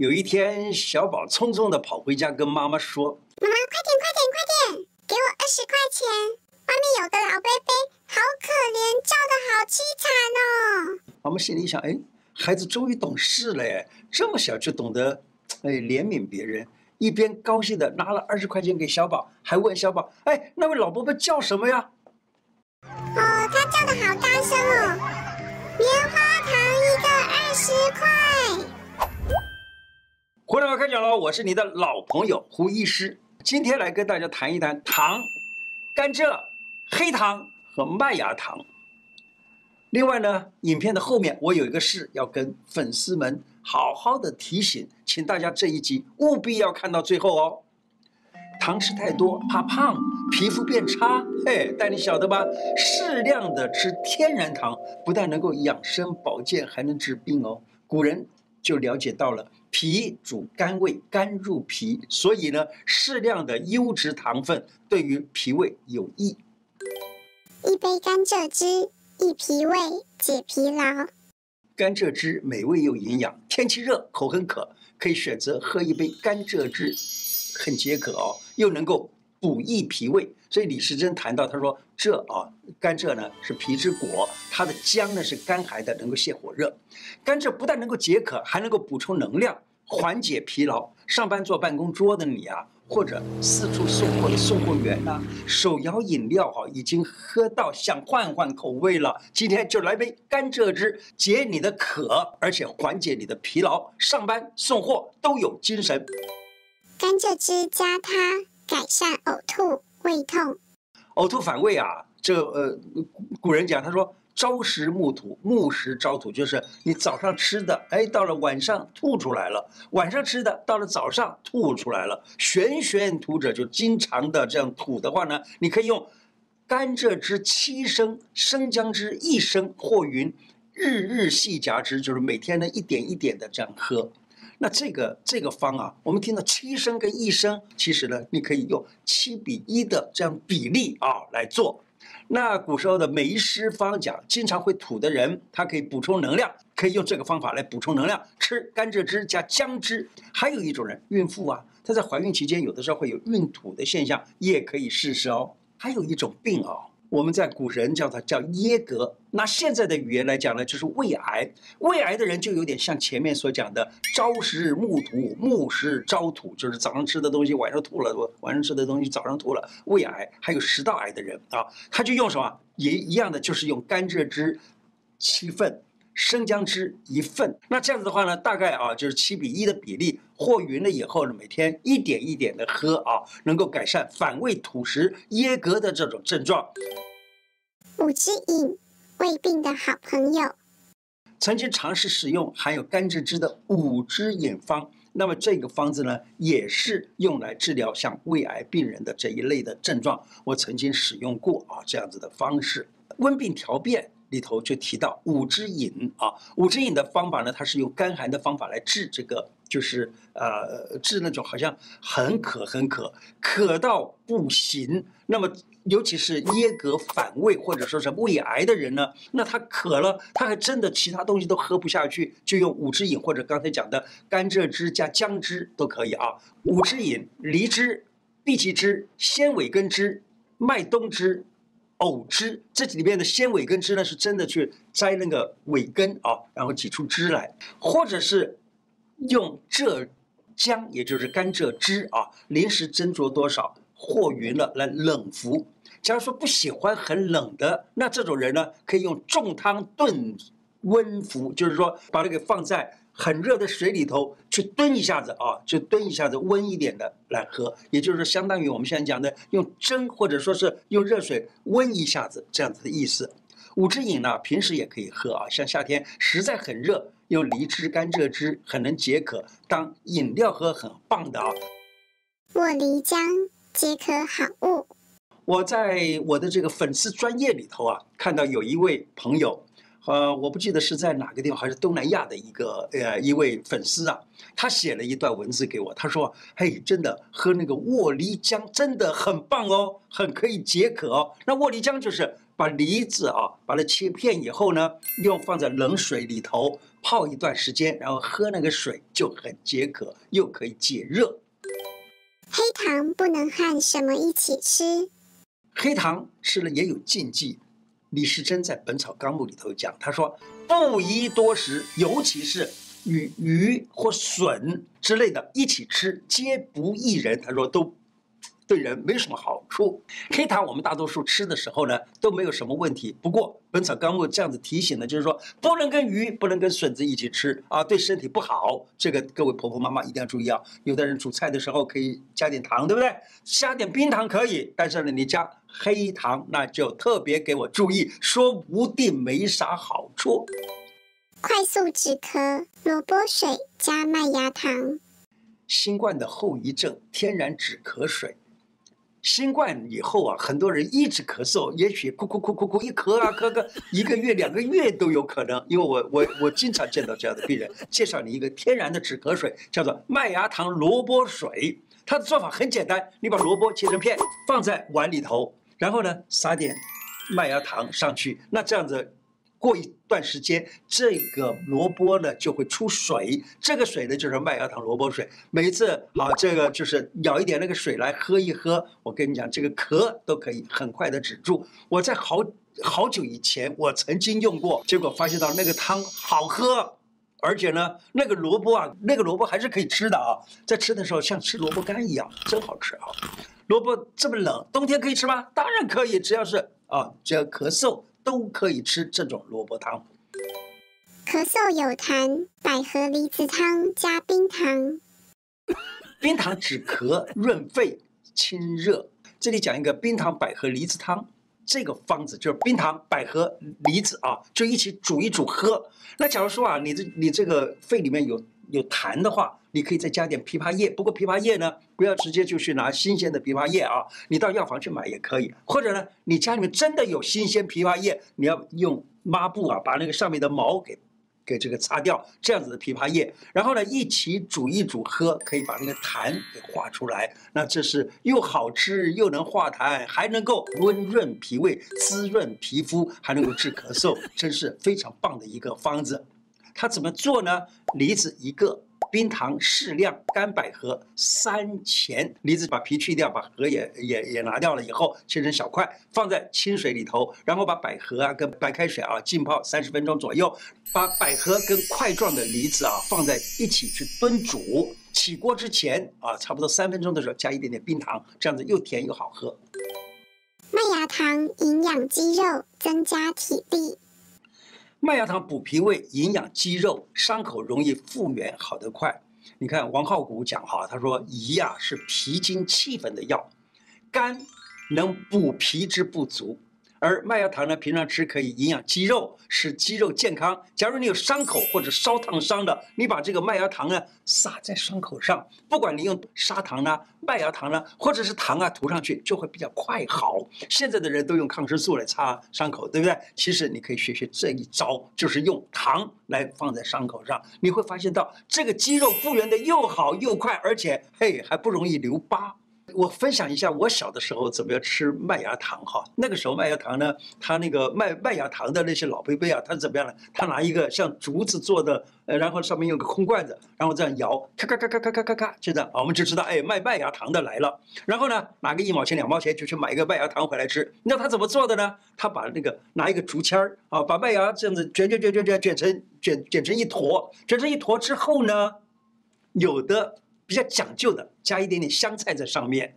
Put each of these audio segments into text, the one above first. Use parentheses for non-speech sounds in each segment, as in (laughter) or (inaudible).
有一天，小寶匆匆的跑回家，跟媽媽說：“媽媽，快點，快點，快點，給我二十塊錢！外面有個老伯伯，好可憐，叫的好淒慘哦！”媽媽心裡想：“哎，孩子終於懂事了，這麼小就懂得，哎，憐憫別人。”一邊高興的拿了二十塊錢給小寶，還問小寶：“哎，那位老伯伯叫什麼呀？”哦。Hello, 我是你的老朋友胡醫師，今天來跟大家談一談糖、甘蔗、黑糖和麥芽糖。另外呢，影片的後面我有一個事要跟粉絲們好好的提醒，請大家這一集務必要看到最後哦。糖吃太多怕胖，皮膚變差，嘿、哎，但你曉得吧？適量的吃天然糖，不但能夠養生保健，還能治病哦。古人就了解到了。脾主甘味，甘入脾，所以呢，適量的優質糖分對於脾胃有益。一杯甘蔗汁，益脾胃，解疲勞。甘蔗汁美味又營養，天氣熱口很渴，可以選擇喝一杯甘蔗汁，很解渴哦，又能夠。補益脾胃，所以李時珍談到，他說這啊，甘蔗呢是脾之果，它的漿呢是甘寒的，能夠瀉火熱。甘蔗不但能夠解渴，還能夠補充能量，緩解疲勞。上班坐辦公桌的你啊，或者四處送貨的送貨員吶、啊，手搖飲料哈、啊，已經喝到想換換口味了，今天就來杯甘蔗汁解你的渴，而且緩解你的疲勞，上班送貨都有精神。甘蔗汁加它。改善嘔吐、胃痛、嘔吐反胃啊！這呃，古人講，他說“朝食暮吐，暮食朝吐”，就是你早上吃的，哎，到了晚上吐出來了；晚上吃的，到了早上吐出來了。懸懸吐者，就經常的這樣吐的話呢，你可以用甘蔗汁七升，生薑汁一升和勻，日日細呷之，就是每天呢一點一點的這樣喝。那這個這個方啊，我們聽到七升跟一升，其實呢，你可以用七比一的這樣比例啊來做。那古時候的梅師方講，經常會吐的人，他可以補充能量，可以用這個方法來補充能量，吃甘蔗汁加薑汁。還有一種人，孕婦啊，她在懷孕期間有的時候會有孕吐的現象，也可以試試哦。還有一種病哦我們在古人叫它叫噎膈，那現在的語言來講呢，就是胃癌。胃癌的人就有點像前面所講的，朝食暮吐，暮食朝吐，就是早上吃的東西晚上吐了，晚上吃的東西早上吐了。胃癌還有食道癌的人啊，他就用什麼也一樣的，就是用甘蔗汁七分。生薑汁一份，那這樣子的話呢，大概啊就是七比一的比例，和勻了以後呢，每天一點一點的喝啊，能夠改善反胃吐食、噎膈的這種症狀。五汁飲，胃病的好朋友。曾經嘗試使用含有甘蔗汁的五汁飲方，那麼這個方子呢，也是用來治療像胃癌病人的這一類的症狀。我曾經使用過啊，這樣子的方式，溫病條辨。裡頭就提到五汁飲啊，五汁飲的方法呢，它是用甘寒的方法來治這個，就是呃治那種好像很渴很渴，渴到不行。那麼尤其是噎膈反胃或者說是胃癌的人呢，那他渴了，他還真的其他東西都喝不下去，就用五汁飲或者剛才講的甘蔗汁加薑汁都可以啊。五汁飲：梨汁、荸薺汁、鮮葦根汁、麥冬汁、藕汁，這裡邊的鮮葦根汁呢，是真的去摘那個葦根啊，然後擠出汁來，或者是用蔗漿，也就是甘蔗汁啊，臨時斟酌多少，和勻了來冷服。假如說不喜歡很冷的，那這種人呢，可以用重湯燉溫服，就是說把它給放在。很熱的水裡頭去蹲一下子啊，就蹲一下子溫一點的來喝，也就是相當於我們現在講的用蒸或者說是用熱水溫一下子這樣子的意思。五汁飲呢，平時也可以喝啊，像夏天實在很熱，用梨汁、甘蔗汁很能解渴，當飲料喝很棒的啊。沃梨漿解渴好物。我在我的這個粉絲專頁裡頭啊，看到有一位朋友。呃，我不記得是在哪個地方，還是東南亞的一個呃一位粉絲啊，他寫了一段文字給我，他說：“嘿，真的喝那個沃梨漿真的很棒哦，很可以解渴哦。那沃梨漿就是把梨子啊把它切片以後呢，又放在冷水裡頭泡一段時間，然後喝那個水就很解渴，又可以解熱。”黑糖不能和什麼一起吃？黑糖吃了也有禁忌。李時珍在《本草綱目》裡頭講，他說不宜多食，尤其是與魚或筍之類的一起吃，皆不宜人。他說都，對人沒什麼好處。黑糖，我們大多數吃的時候呢都沒有什麼問題。不過，《本草綱目》這樣子提醒呢，就是說不能跟魚、不能跟筍子一起吃啊，對身體不好。這個各位婆婆媽媽一定要注意啊！有的人煮菜的時候可以加點糖，對不對？加點冰糖可以，但是呢，你加黑糖那就特別給我注意，說不定沒啥好處。快速止咳，蘿蔔水加麥芽糖。新冠的後遺症，天然止咳水。新冠以後啊，很多人一直咳嗽，也許咳咳咳咳咳，一咳啊，咳咳一個月兩個月都有可能，因為我我我經常見到這樣的病人。介紹你一個天然的止咳水，叫做麥芽糖蘿蔔水。它的做法很簡單，你把蘿蔔切成片放在碗裡頭，然後呢撒點麥芽糖上去，那這樣子。過一段時間，這個蘿蔔呢就會出水，這個水呢就是麥芽糖蘿蔔水。每一次好啊，這個就是舀一點那個水來喝一喝。我跟你講，這個咳都可以很快的止住。我在好好久以前，我曾經用過，結果發現到那個湯好喝，而且呢，那個蘿蔔啊，那個蘿蔔還是可以吃的啊。在吃的時候像吃蘿蔔乾一樣，真好吃啊。蘿蔔這麼冷，冬天可以吃嗎？當然可以，只要是啊，只要咳嗽。都可以吃這種蘿蔔湯。咳嗽有痰，百合梨子湯加冰糖。 (laughs) 冰糖止咳、潤肺、清熱。這裡講一個冰糖百合梨子湯。這個方子就是冰糖、百合、梨子啊，就一起煮一煮喝。那假如說啊，你這你這個肺裡面有有痰的話，你可以再加點枇杷葉。不過枇杷葉呢，不要直接就去拿新鮮的枇杷葉啊，你到藥房去買也可以。或者呢，你家裡面真的有新鮮枇杷葉，你要用抹布啊，把那個上面的毛給。給這個擦掉這樣子的枇杷葉，然後呢，一起煮一煮喝，可以把那個痰給化出來。那這是又好吃又能化痰，還能夠溫潤脾胃、滋潤皮膚，還能夠治咳嗽，真是非常棒的一個方子。它怎麼做呢？梨子一個。冰糖適量，乾百合三錢，梨子把皮去掉，把核也也也拿掉了以後，切成小塊，放在清水裡頭，然後把百合啊跟白開水啊浸泡三十分鐘左右，把百合跟塊狀的梨子啊放在一起去燉煮，起鍋之前啊，差不多三分鐘的時候加一點點冰糖，這樣子又甜又好喝。麥芽糖營養肌肉，增加體力。麥芽糖補脾胃，營養肌肉，傷口容易復原，好得快。你看王好古講哈，他說“飴啊是脾經氣分的藥，甘能補脾之不足。”而麥芽糖呢，平常吃可以營養肌肉，使肌肉健康。假如你有傷口或者燒燙傷的，你把這個麥芽糖呢撒在傷口上，不管你用砂糖呢、啊、麥芽糖呢、啊，或者是糖啊塗上去，就會比較快好。現在的人都用抗生素來擦傷口，對不對？其實你可以學學這一招，就是用糖來放在傷口上，你會發現到這個肌肉復原的又好又快，而且嘿還不容易留疤。我分享一下我小的時候怎麼樣吃麥芽糖哈。那個時候麥芽糖呢，他那個賣麥，麥芽糖的那些老伯伯啊，他怎麼樣呢？他拿一個像竹子做的，呃、然後上面有個空罐子，然後這樣搖，咔咔咔咔咔咔咔咔，就這樣啊，我們就知道哎賣麥，麥芽糖的來了。然後呢，拿個一毛錢兩毛錢就去買一個麥芽糖回來吃。那他怎麼做的呢？他把那個拿一個竹籤兒啊，把麥芽這樣子捲捲捲捲捲捲成捲捲，捲，捲成一坨，捲成一坨之後呢，有的。比較講究的，加一點點香菜在上面，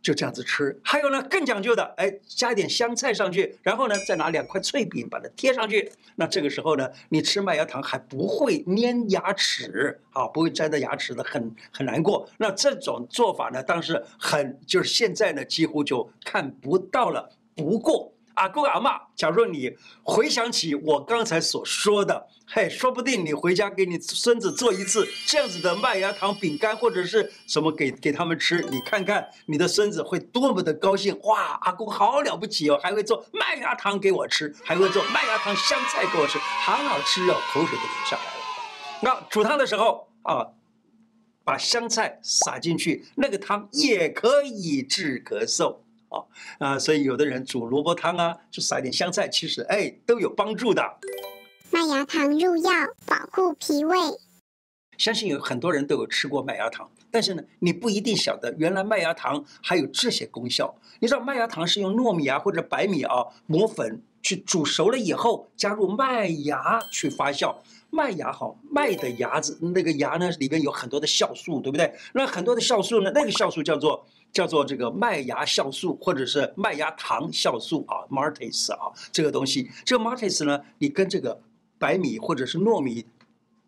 就這樣子吃。還有呢，更講究的，哎，加一點香菜上去，然後呢，再拿兩塊脆餅把它貼上去。那這個時候呢，你吃麥芽糖還不會粘牙齒啊、哦，不會粘到牙齒的，很很難過。那這種做法呢，當時很，就是現在呢，幾乎就看不到了。不過。阿公阿嬤，假如你回想起我剛才所說的，嘿，說不定你回家給你孫子做一次這樣子的麥芽糖餅乾，或者是什麼給給他們吃，你看看你的孫子會多麼的高興！哇，阿公好了不起哦，還會做麥芽糖給我吃，還會做麥芽糖香菜給我吃，好好吃哦，口水都流下來了。那煮湯的時候啊，把香菜撒進去，那個湯也可以治咳嗽。啊，所以有的人煮蘿蔔湯啊，就撒點香菜，其實誒、哎、都有幫助的。麥芽糖入藥，保護脾胃。相信有很多人都有吃過麥芽糖，但是呢，你不一定曉得原來麥芽糖還有這些功效。你知道麥芽糖是用糯米啊或者白米啊磨粉去煮熟了以後，加入麥芽去發酵。麥芽好、啊，麥的芽子那個芽呢，裡面有很多的酵素，對不對？那很多的酵素呢，那個酵素叫做。叫做這個麥芽酵素，或者是麥芽糖酵素啊 maltase 啊，這個東西，這個 maltase 呢，你跟這個白米或者是糯米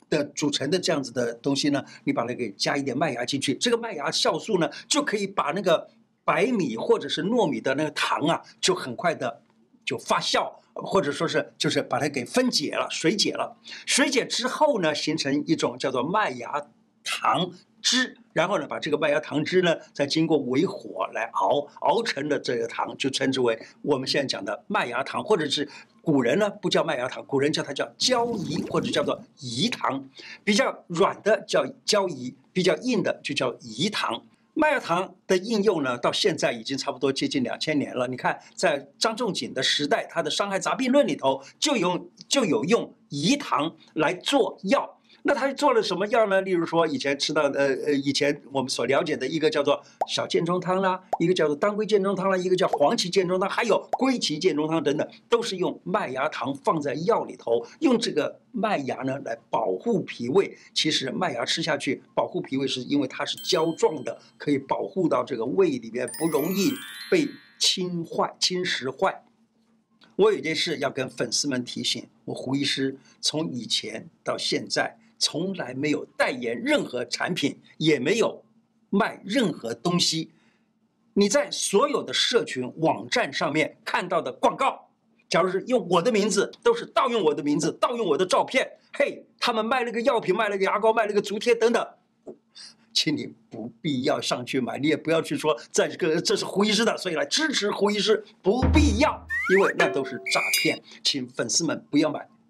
的組成的這樣子的東西呢，你把它給加一點麥芽進去，這個麥芽酵素呢，就可以把那個白米或者是糯米的那個糖啊，就很快的就發酵，或者說是就是把它給分解了、水解了，水解之後呢，形成一種叫做麥芽糖汁，然後呢，把這個麥芽糖汁呢，再經過微火來熬，熬成了這個糖，就稱之為我們現在講的麥芽糖，或者是古人呢不叫麥芽糖，古人叫它叫膠飴或者叫做飴糖，比較軟的叫膠飴，比較硬的就叫飴糖。麥芽糖的應用呢，到現在已經差不多接近兩千年了。你看，在張仲景的時代，他的《傷寒雜病論》裡頭就有就有用飴糖來做藥。那他做了什麼藥呢？例如說，以前吃到的呃呃，以前我們所了解的一個叫做小建中湯啦，一個叫做當歸建中湯啦，一個叫黃芪建中湯，還有歸芪建中湯等等，都是用麥芽糖放在藥裡頭，用這個麥芽呢來保護脾胃。其實麥芽吃下去保護脾胃，是因為它是膠狀的，可以保護到這個胃裡面不容易被侵壞侵蝕壞。我有件事要跟粉絲們提醒，我胡醫師從以前到現在。從來沒有代言任何產品，也沒有賣任何東西。你在所有的社群網站上面看到的廣告，假如是用我的名字，都是盜用我的名字，盜用我的照片。嘿，他們賣那個藥品，賣那個牙膏，賣那個足貼，等等，請你不必要上去買，你也不要去說在這個這是胡醫師的，所以來支持胡醫師，不必要，因為那都是詐騙，請粉絲們不要買。